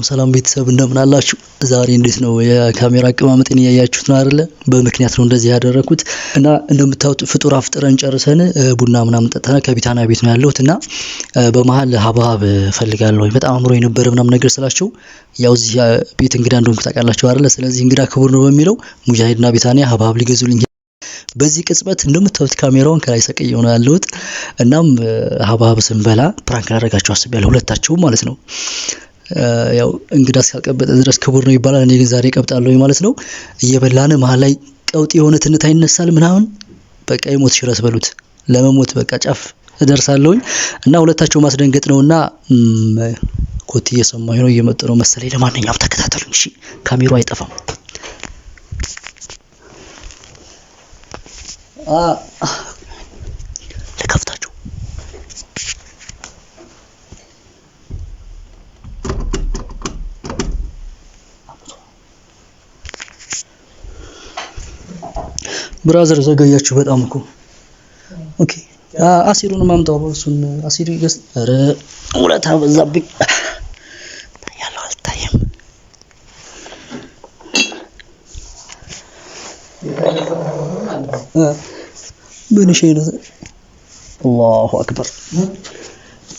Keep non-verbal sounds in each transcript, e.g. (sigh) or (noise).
ሰላም ሰላም ቤተሰብ እንደምን አላችሁ? ዛሬ እንዴት ነው የካሜራ አቀማመጥን እያያችሁት ነው አይደለ? በምክንያት ነው እንደዚህ ያደረኩት እና እንደምታዩት ፍጡር አፍጥረን ጨርሰን ቡና ምናምን ጠጥተናል። ከቢታና ቤት ነው ያለሁት እና በመሀል ሀብሀብ እፈልጋለሁ በጣም አምሮ የነበረ ምናምን ነገር ስላቸው ያው እዚህ ቤት እንግዳ እንደሆንኩ ታውቃላችሁ አይደለ? ስለዚህ እንግዳ ክቡር ነው በሚለው ሙጃሂድና ቢታኒያ ሀብሀብ ሊገዙልኝ በዚህ ቅጽበት እንደምታዩት ካሜራውን ከላይ ሰቅየው ነው ያለሁት። እናም ሀብሀብ ስንበላ ፕራንክ ላደርጋቸው አስቤያለሁ ሁለታቸውም ማለት ነው ያው እንግዳ እስካልቀበጠ ድረስ ክቡር ነው ይባላል። እኔ ግን ዛሬ ቀብጣለሁ ማለት ነው። እየበላን መሀል ላይ ቀውጥ የሆነ ትንታ ይነሳል ምናምን በቃ የሞት ሽረስ በሉት ለመሞት በቃ ጫፍ እደርሳለሁኝ እና ሁለታቸው ማስደንገጥ ነውና ኮቴ እየሰማሁ ነው፣ እየመጡ ነው መሰለኝ። ለማንኛውም ተከታተሉኝ እሺ፣ ካሜራው አይጠፋም። ለከፍታ ብራዘር ዘገያችሁ በጣም እኮ ኦኬ። አሲሩን ማምጣው እሱን አሲሩ ይገስ። ኧረ ውለታ በዛብኝ ያለው አልታየም። ምን ሼ አላሁ አክበር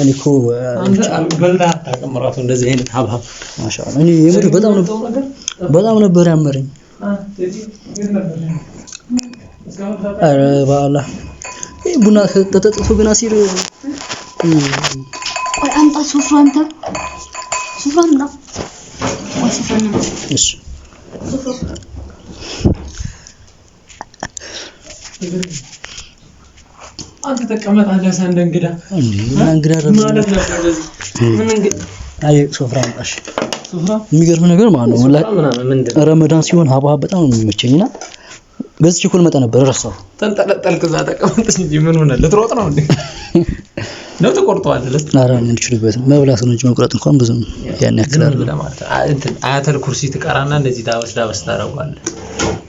እኔ እኮ እንደዚህ አይነት ሀብሀብ ማሻአላህ እኔ የምር በጣም በጣም ነበር ያመረኝ። ኧረ በአላህ ይሄ ቡና ከተጠጥቶ ግን አሲር አንጣ ሱፍራን ተ ሱፍራን ና እሺ ሱፍራን ተቀመጣለህ ሶፍራ የሚገርም ነገር ማለት ነው ረመዳን ሲሆን ሀብሀብ በጣም ነው የሚመቸኝ እና ገዝቼ እኮ ነበር ረሳሁ። ተንጠለጠልክ እዛ ተቀመጥሽ እንጂ ምን ሆነ? ልትሮጥ ነው እንዴ? ነው ተቆርጠዋል። ኧረ የምንችልበት መብላት ነው እንጂ መቁረጥ እንኳን ብዙም ያን ያክል አያተል ኩርሲ ትቀራና እንደዚህ ዳበስ ዳበስ ታደርጓለህ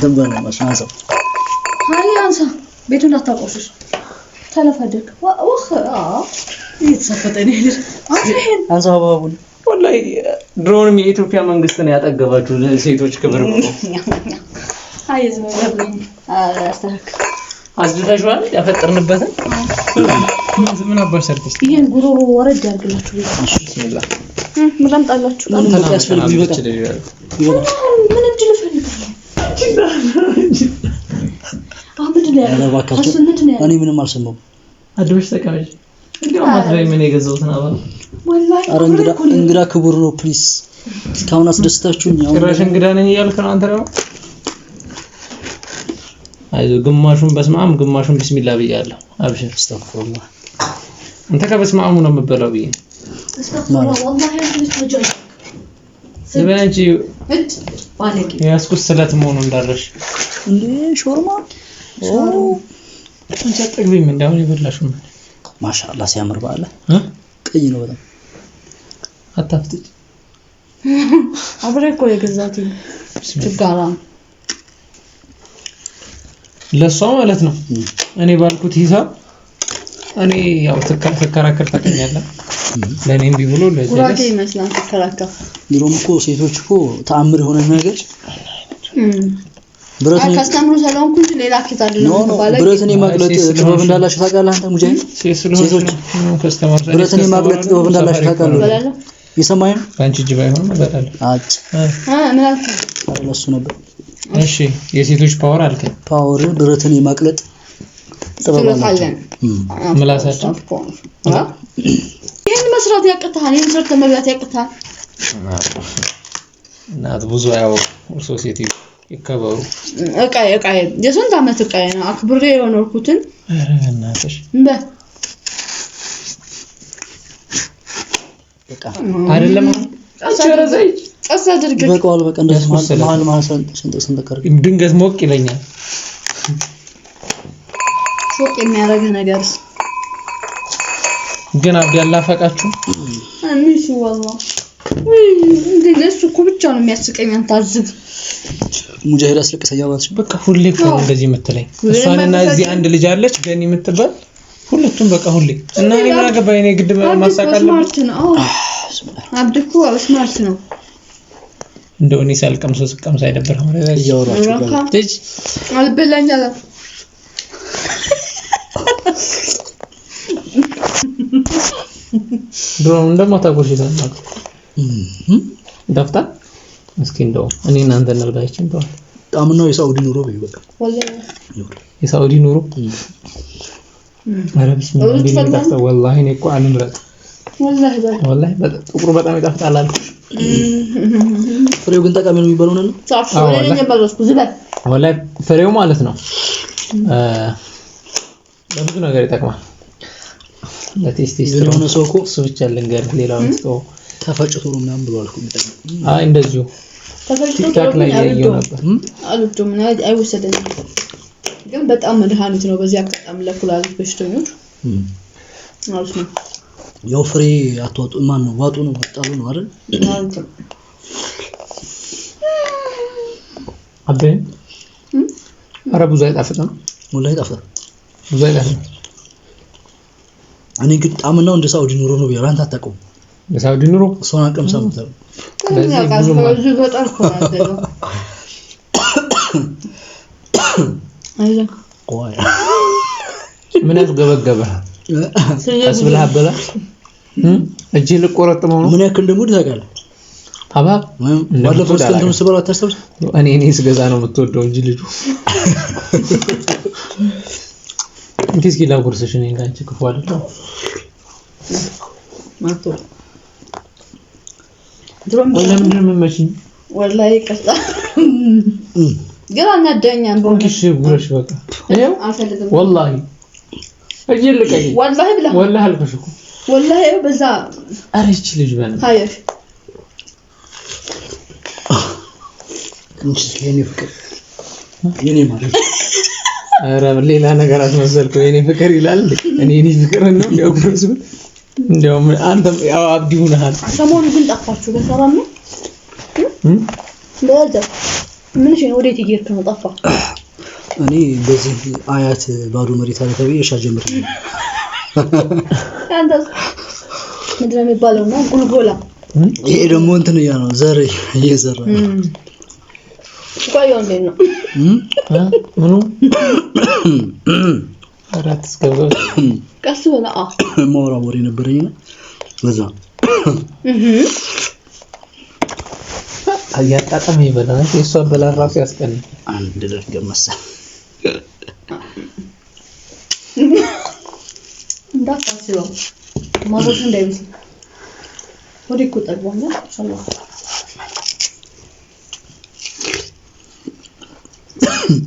ደም ጋር ነው ማሽን አንሳው። አይ አንሳ፣ ቤቱን እንዳታቆሽሽ። ተለፈደክ ወህ እየተሰፈጠን ይሄድ አንሳ አባቡን ወላሂ ድሮንም የኢትዮጵያ መንግስትን ያጠገባችሁ ሴቶች ክብር ነው። አይ ዝም ብለኝ አስተካክል። አስደታችኋል ያፈጠርንበትን ምን አባሽ ሰርተሽ ይሄን ጉሮሮ ወረድ ያርግላችሁ። ቢስሚላህ ምን ላምጣላችሁ? እኔ ምንም አልሰማሁም። አድርሽ ተቀመጭ። እንግዳ ክቡር ነው። ፕሊስ እስካሁን አስደስታችሁኝ። ጭራሽ እንግዳ ነኝ እያልክ ነው አንተ ደግሞ። አይዞህ ግማሹን በስማም ግማሹን ቢስሚላ ብያለሁ። አብሽር አንተ ከበስማሙ ነው የምበላው ብዬ ባለቂ ያስኩት ስለት መሆኑ እንዳለሽ እንዴ ሾርማ አንቺ አጠግቢም እንዳሁን የበላሽው ማሻአላ ሲያምር ባለ ቀይ ነው በጣም አታፍጥጭ አብሬ እኮ የገዛት ችጋራ ለእሷ ማለት ነው እኔ ባልኩት ሂሳብ እኔ ያው ትከራከር ታውቀኛለህ ለእኔ እምቢ ብሎ ይመስላል ተከራከር። ድሮም እኮ ሴቶች እኮ ተአምር የሆነ ነገር ብረትን የማቅለጥ ጥበብ እንዳላቸው ታውቃለህ አንተ ሙጃሂድ? ሴቶች ብረትን የማቅለጥ ጥበብ እንዳላቸው ታውቃለህ? ነው ከአንቺ እጅ ባይሆንም እበላለሁ። እሱ ነበር። እሺ የሴቶች ፓወር አልከ ፓወር ብረትን የማቅለጥ ጥበብ አላቸው ምላሳቸው ይህን መስራት ያቅታል። ይህን ሰርተ መብላት ያቅታል። እናት ብዙ አያወሩ እርሶ ሴት ይከበሩ። እቃ እቃ የስንት ዓመት እቃ ነው አክብሬ የኖርኩትን። ኧረ በ አይደለም ቀስ አድርግ። ድንገት ሞቅ ይለኛል ሾቅ የሚያደርግ ነገርስ ግን አብዲ አላፈቃችሁ? አንሽ والله ለእሱ እኮ ብቻ ነው የሚያስቀኝ። አንተ አዝብ ሙጃሂድ አስለቅሰኛ ማለት በቃ ሁሌ እኮ ነው እንደዚህ የምትለኝ። እሷንና እዚህ አንድ ልጅ አለች ገኒ የምትባል ሁለቱም በቃ ሁሌ እና እኔ ምን አገባኝ? እኔ ግድ ማሳቃለ ስማርት አብዲ እኮ ስማርት ነው። እንደው እኔ ሳልቀምሰው ስቀምሰው አይደብርም? እያወራችሁ ልጅ አልበላኝ አላ ድሮም እንደማታውቁሽ ይዛናል ደፍታ እስኪ እንደው እኔ እናንተ እንርዳችን ተዋል። በጣም ነው የሳውዲ ኑሮ በይ በቃ የሳውዲ ኑሮ ወላሂ እኔ እኮ አልምረጥ ወላሂ ጥቁሩ በጣም ይጣፍጣል አልኩሽ። ፍሬው ግን ጠቃሚ ነው የሚባለው ነው። ወላሂ ፍሬው ማለት ነው ለብዙ ነገር ይጠቅማል። ለቴስቴስትሮን የሆነ ሰው እኮ እሱ ብቻ ልንገርህ፣ ስጠው ተፈጭቶ ነው ምናምን ብሎ አልኩ። አይ እንደዚሁ ቲክታክ ላይ ያየው ነበር። አልወደውም አይወሰደኝም፣ ግን በጣም መድኃኒት ነው። በዚህ አጋጣሚ ለኩላሊት በሽተኞች ማለት ነው። ያው ፍሬ አትዋጡ ማን ነው ዋጡ ነው ወጣሉ ነው አይደል? አቤ ኧረ ብዙ አይጣፍጥም፣ ሙላ አይጣፍጥም፣ ብዙ አይጣፍጥም እኔ ግን ጣምናው እንደ ሳውዲ ኑሮ ነው ብያለሁ። አንተ አታውቀውም። የሳውዲ ኑሮ እሷን አቅም ሰምተህ ምን ያስገበገበ ስብላ አበላ እጅ ልቆረጥመው ነው። ምን ያክል ደግሞ ታውቃለህ? ሀባብ ባለፈው እስከ ስበላ እኔ እኔ ስገዛ ነው የምትወደው እንጂ ልጁ እንዴ እስኪ ላጎርስሽ። እኔ ጋር አንቺ ክፉ አይደለም ማቶ ድሮም ለምንድን ነው የምመችኝ? ወላሂ ይቅርታ ግን አናደኛል። ቦንክሽ ጉረሽ በቃ ወላሂ እጄ ልቀቂ። ወላሂ ብላ ወላሂ አልኩሽ እኮ ወላሂ በዛ። ኧረ ይህች ልጅ በል ታየሽ ትንሽ የኔ ፍቅር የኔ ማለት ኧረ ሌላ ነገር አስመሰልኩ። የኔ ፍቅር ይላል እኔ እኔ ፍቅር ነው ያውቁስ እንደውም አንተም ያው አብዲ ሆነሃል። ሰሞኑ ግን ጠፋችሁ። በሰራም ነው ለዛ ምን እሺ፣ ወዴት ይገርክ ነው እኔ በዚህ አያት ባዶ መሬት አለ ተብዬ እሺ፣ ጀምር አንተ ምንድነው የሚባለው ነው ጉልጎላ። ይሄ ደግሞ እንትን እያ ነው ዘር እየዘራ ነው Suka yang dino. Hmm? Hah? Hmm? Arat sekali. Kasih lah ah. Mau rawuri nebering? Lazat. Mhm. Ayat apa nih benar? Siswa belajar rakyat kan? Anda dah gemas. Tidak kasih loh. Mau sendiri. Mau ikut aku nggak? Sama.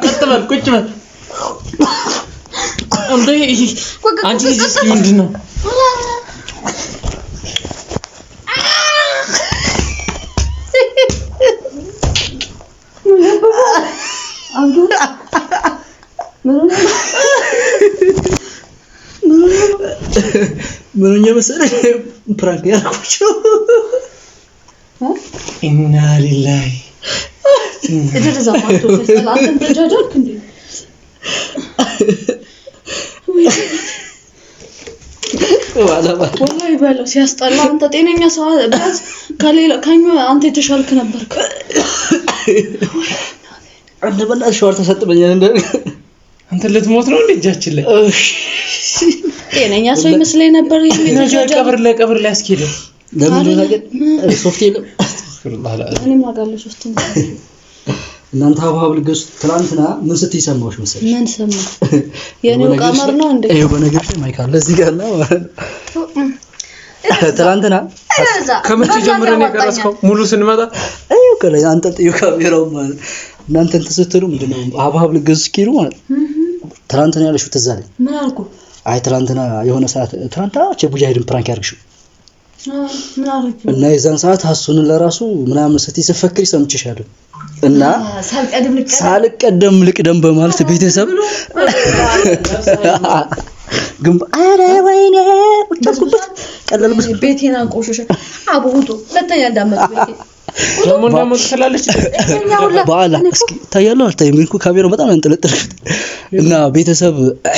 Kocaman kocaman. Onda acil yüzüne. Menurutnya masalah perakian kucing. ኢና ሊላሂ (laughs) ወላሂ በለው ሲያስጠላ። አንተ ጤነኛ ሰው ቢያንስ ከሌላ ከኛ አንተ የተሻልክ ነበርክ። አንተ ሸዋር ተሰጥበኛል እንደ አንተ ልትሞት ነው እንደ እጃችን ላይ ጤነኛ ሰው ይመስለኝ ነበር። ቀብር ላይ አስኬደው (laughs) እናንተ ሀብሀብ ልገሱ። ትላንትና ምን ስትይ ሰማሁሽ መሰለሽ? ምን ሰማሁ? (laughs) የኔው ቀመር ነው እንዴ? ይሄ ማይክ አለ እዚህ ጋር ነው። ከመቼ ጀምሮ ነው የቀረስከው? ሙሉ ስንመጣ አይው ከለ አንተ ጥዩ ካሜራው ማለት እናንተ እንትን ስትሉ ሀብሀብ ልገሱ ኪሩ ማለት ትላንትና ያለሽው ትዝ አለኝ። ምን አልኩ? አይ የሆነ ሰዓት ትናንትና ቡጃ ሄድን ፕራንክ ያርግሽው እና የዛን ሰዓት ሀሱንን ለራሱ ምናምን ስትይ ስትፈክሪ ሰምችሻለሁ እና ሳልቀደም ልቅደም በማለት ቤተሰብ (laughs) ግን አረ ወይኔ ወጣኩበት ቀለልኩት ቤቴን አንቆሸሸ አቦቱ ሁለተኛ እንዳመጡ በኋላ እስኪ ታያለሁ አልታይም ካሜራው በጣም ያንጠለጥልኩት እና ቤተሰብ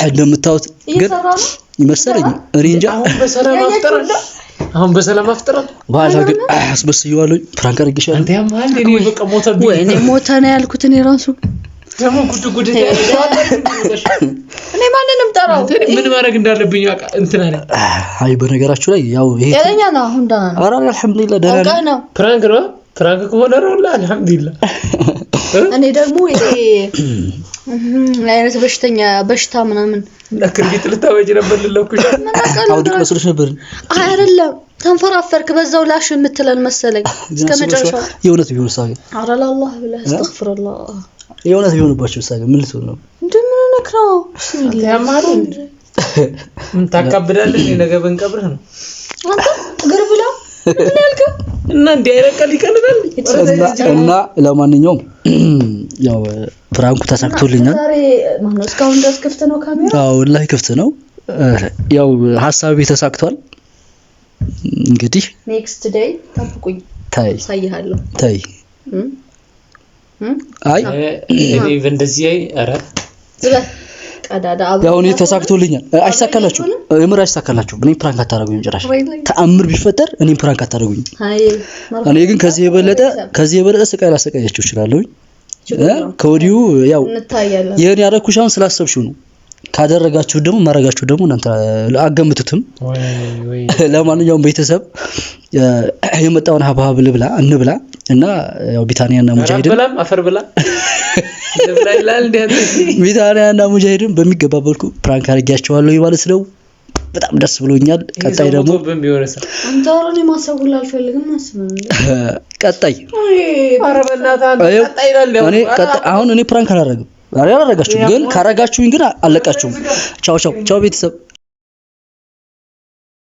እንደምታዩት ግን መሰለኝ እኔ እንጃ። አሁን በሰላም አፍጥረን በኋላ ግን አስበስየዋለሁ። ፍራንክ አድርጌሻለሁ። ወይኔ ሞተ ነው ያልኩት እኔ ራሱ ደግሞ ጉድ ጉድ እኔ ማንንም ጠራው ምን ማድረግ እንዳለብኝ በቃ እንትን አለ። አይ በነገራችሁ ላይ ያው ይሄ ጤነኛ ነው። አሁን ደህና ነው። ኧረ አልሐምዱሊላህ ደህና ነው። ፍራንክ ነው። ፍራንክ ከሆነ ነው። አልሐምዱሊላህ እኔ ደግሞ ይሄ አይነት በሽተኛ በሽታ ምናምን ለክርቢት ልታበጅ ነበር። ነበር። አይደለም፣ ተንፈራፈርክ። በዛው ላሽ የምትለን መሰለኝ (laughs) እስከ የእውነት ቢሆን የእውነት ቢሆንባቸው ምን ልትሆን ነው? እንደምን ያማሩ (laughs) ምን ነገ ነው አንተ ብላ እና እንዲህ አይረቀል ይቀልዳል እና ለማንኛውም (clears throat) ያው ፍራንኩ ተሳክቶልኛል። እስካሁን ድረስ ክፍት ነው ካሜራ? አዎ ላይ ክፍት ነው። ያው ሀሳቤ ተሳክቷል። እንግዲህ ኔክስት ዴይ ጠብቁኝ። ታይ ሳይሃለሁ ታይ አይ እንደዚህ ኧረ ያው እኔ ተሳክቶልኛል። አይሳካላችሁ፣ እምር አይሳካላችሁ። እኔ ፕራንክ አታደርጉኝ ጭራሽ። ተአምር ቢፈጠር እኔ ፕራንክ አታደርጉኝ። እኔ ግን ከዚህ የበለጠ ከዚህ የበለጠ ስቃይ ላሰቃያችሁ እችላለሁኝ። ከወዲሁ ያው ይህን ያደረኩሽ አሁን ስላሰብሽው ነው። ካደረጋችሁ ደግሞ ማረጋችሁ ደግሞ እናንተ አገምቱትም። (laughs) ለማንኛውም ቤተሰብ የመጣውን ሀብሀብ ልብላ እንብላ እና ያው ቢታንያና ሙጃሂድን (laughs) ቢታንያና ሙጃሂድን በሚገባ በልኩ ፕራንክ አድርጊያቸዋለሁ ማለት ነው። በጣም ደስ ብሎኛል። ቀጣይ ደግሞ (laughs) ቀጣይ አሁን እኔ ፕራንክ አላረግም አላረጋችሁም፣ ግን ካረጋችሁኝ ግን አለቃችሁም። ቻው ቻው ቻው ቤተሰብ